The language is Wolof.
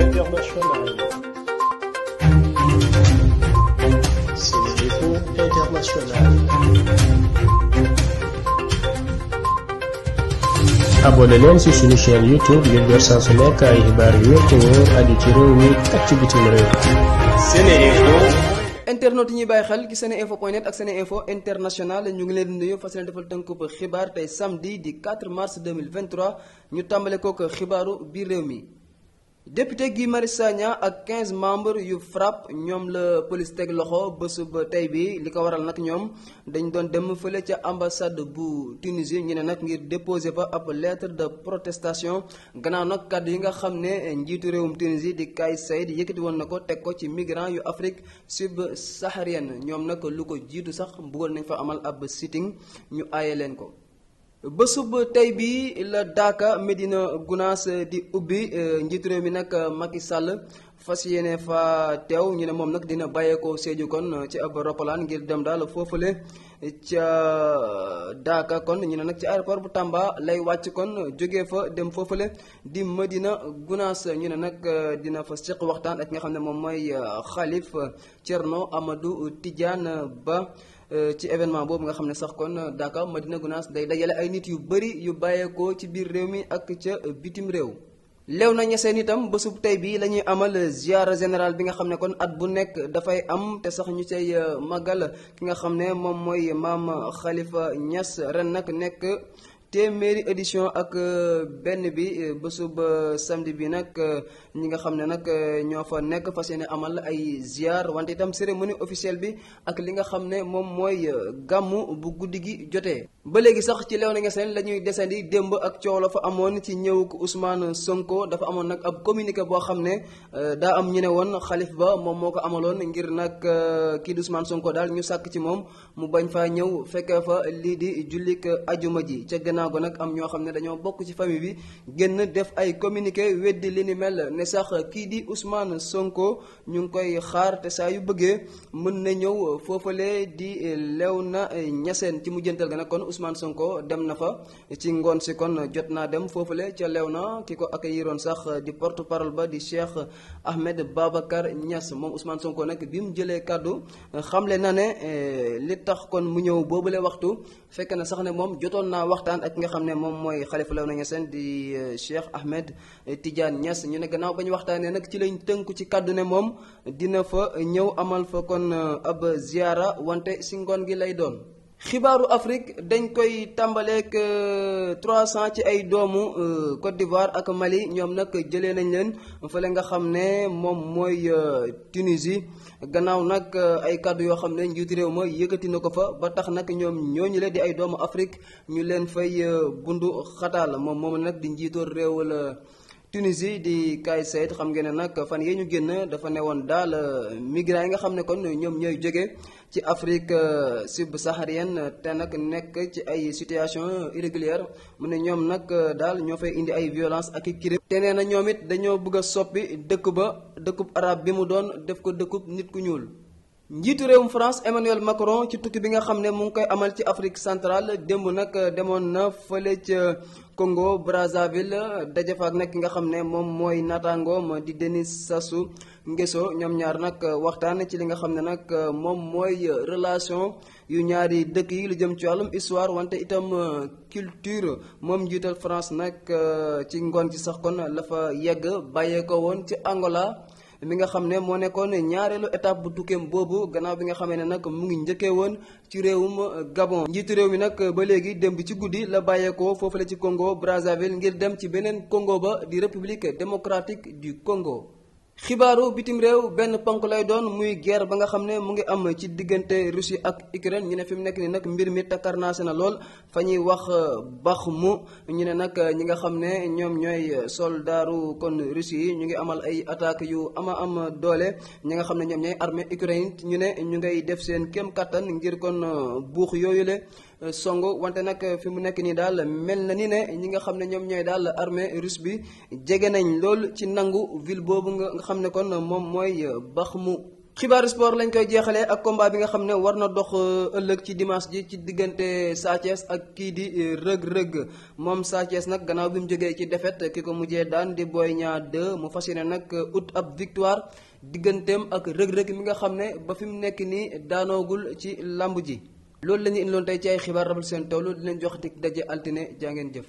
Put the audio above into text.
internationale. C'est l'info internationale. abonné leen ci suñu chaîne YouTube ngir su nekk ay xibaar yu wér te wóor ci réew mi ak ci bitim réew. SeneInfo. internet yi ñuy bàyyi xel ci seneinfo.net ak sene seneinfo international ñu ngi leen di nuyu fas yéene defal tënku ba xibaar tey samedi di 4 mars 2023 ñu tàmbale kook xibaaru biir réew mi. député Guy Marius Sagna ak 15 membres yu FRAPP ñoom la police teg loxo bés tey bi li ko waral nag ñoom dañ doon dem fële ca ambassade bu Tunisie ñu ne nag ngir déposé ba ab lettre de protestation gannaaw nag kàddu yi nga xam ne njiitu réewum Tunisie di Kais Saied yëkkati woon na ko teg ko ci migrants yu Afrique subsaharienne ñoom nag lu ko jiitu sax bëggoon nañu fa amal ab sitting ñu aaye leen ko. bésub tey bii la daaka medina Gounass eh, di ubbi eh, njiitu réew mi nag eh, Macky Sall fas yéene fa teew ñu ne moom nag dina bàyyeekoo Sédhiou kon ci ab roppalaan ngir dem daal foofule ca daaka kon ñu ne nag ci aéroport bu Tamba lay wàcc kon jógee fa dem foofule di Médina Gounass ñu ne nag dina fa seq waxtaan ak nga xam ne moom mooy xalif Thierno Amadou Tidiane Ba. Euh, ci événement boobu nga xam ne sax kon euh, ma dina Gunaas day dajale ay nit yu bëri yu bàyyeekoo ci biir réew mi ak ca euh, bitim réew. léew na ñeseen itam bésub tey bi la ñuy amal ziara général bi nga xam ne kon at bu nekk dafay am te sax ñu cay màggal ki nga xam ne moom mooy maam xalifa ñas ren nag nekk. téeméeri édition ak euh, benn bi euh, bésub samedi bi nag euh, ñi nga xam ne nag ñoo fa nekk fas yéene amal ay ziar wante itam cérémonie officielle bi ak li nga xam ne moom mooy gàmmu bu guddi gi jotee. ba léegi sax ci lew na nga seen la ñuy desandi démb ak coow la fa amoon ci ñëw ko Ousmane Sonko dafa amoon nag ab communiqué boo xam ne daa am ñu ne woon xalif ba moom moo ko amaloon ngir nag kii du Ousmane Sonko daal ñu sàkk ci moom mu bañ faa ñëw fekkee fa lii di jullik ajuma ji naa ko nag am ñoo xam ne dañoo bokk ci famille bi génn def ay communiqué weddi li ni mel ne sax kii di Ousmane Sonko ñu ngi koy xaar te saa yu bëggee mën na ñëw foofalee di lew na ñaseen ci mujjantal ga nag kon Ousmane Sonko dem na fa ci ngoon si kon jot naa dem foofale ca lew na ki ko accueilliroon sax di porte parole ba di Cheikh Ahmed Babacar ñas moom usmaan Sonko nag bi mu jëlee kàddu xamle na ne eh, li tax kon mu ñëw boobule waxtu fekk na sax ak nga xam ne moom mooy xalifa ña Niassène di euh, Cheikh Ahmed Tidiane ñas ñu ne gannaaw ba ñu waxtaanee nag ci lañ tënku ci kàddu ne moom dina fa ñëw amal fa kon euh, ab ziyaara wante si ngoon gi lay doon xibaaru Afrique dañ koy tàmbaleeg 300 euh, ci ay doomu euh, Côte d'Ivoire ak Mali ñoom nag jëlee nañ leen fële nga xam ne moom mooy euh, Tunisie gannaaw nag ay kàddu yoo xam ne njiitu réew ma yëkkati na ko fa ba tax nag ñoom ñooñu la di ay doomu Afrique ñu leen fay bundu xataal moom moom nag di njiitoo réew walla Tunisie di Kais Saied xam nga ne nag fan yee ñu génn dafa ne woon daal euh, migrants yi nga xam ne kon ñoom ñooy jóge ci Afrique euh, subsaharienne te nag nekk ci ay situation irrégulière mu ne ñoom nag euh, daal ñoo fay indi ay violence ak i crime te nee na ñoom it dañoo bëgg a soppi dëkk ba dëkkub arab bi mu doon def ko dëkkub nit ku ñuul njiitu réewum France Emmanuel Macron ci tukki bi nga xam ne mu ngi koy amal ci Afrique centrale démb nag demoon na fële ca Congo Brazzaville daje fa ak nag ki nga xam ne moom mooy naataangoom di Denis sasu ngeso ñoom ñaar nag waxtaan ci li nga xam ne nag moom mooy relation yu ñaari dëkk yi lu jëm ci wàllum histoire wante itam culture moom njiital France nag ci ngoon ci sax kon la yegg bàyyee ko woon ci Angola. mi nga xam ne moo nekkoon ñaareelu étape bu tukkeem boobu gannaaw bi nga xamee ne nag mu ngi njëkkee woon ci réewum Gabon njiitu réew mi nag ba léegi démb ci guddi la bàyyeekoo foofu la ci Congo Brazzaville ngir dem ci beneen Congo ba di République démocratique du Congo xibaaru bitim réew benn ponk lay doon muy guerre ba nga xam ne mu ngi am ci diggante Russie ak Ukraine ñu ne fi mu nekk ni nag mbir mi takkar takkarnaase na lool fa ñuy wax euh, mu ñu ne nag ñi nga xam ne ñoom ñooy euh, soldaaru kon Russie yi ñu ngi amal ay attaques yu ama am doole ñi nga xam ne ñoom ñooy armée Ukraine ñu ne ñu ngay def seen kéem kàttan ngir kon euh, buux yooyu le song wante nag fi mu nekk nii daal mel na ni ne ñi nga xam ne ñoom ñooy daal armée russe bi jege nañ lool ci nangu ville boobu nga xam ne kon moom mooy Bakhmou xibaaru sport lañ koy jeexalee ak combat bi nga xam ne war na dox euh, ëllëg ci dimanche ji ci diggante Sa ak kii di euh, rëg rëg moom Sa Thiès nag gannaaw bi mu jógee ci defet ki ko mujjee daan di booy ñaar 2 mu fas ne nag euh, ut ab victoire digganteem ak Reug Reug mi nga xam ne ba fi mu nekk nii daanoogul ci làmb ji loolu la ñu indiloon tey ci ay xibaar rabal seen tawlu dinañ jox dig daje altine jaa ngeen jëf.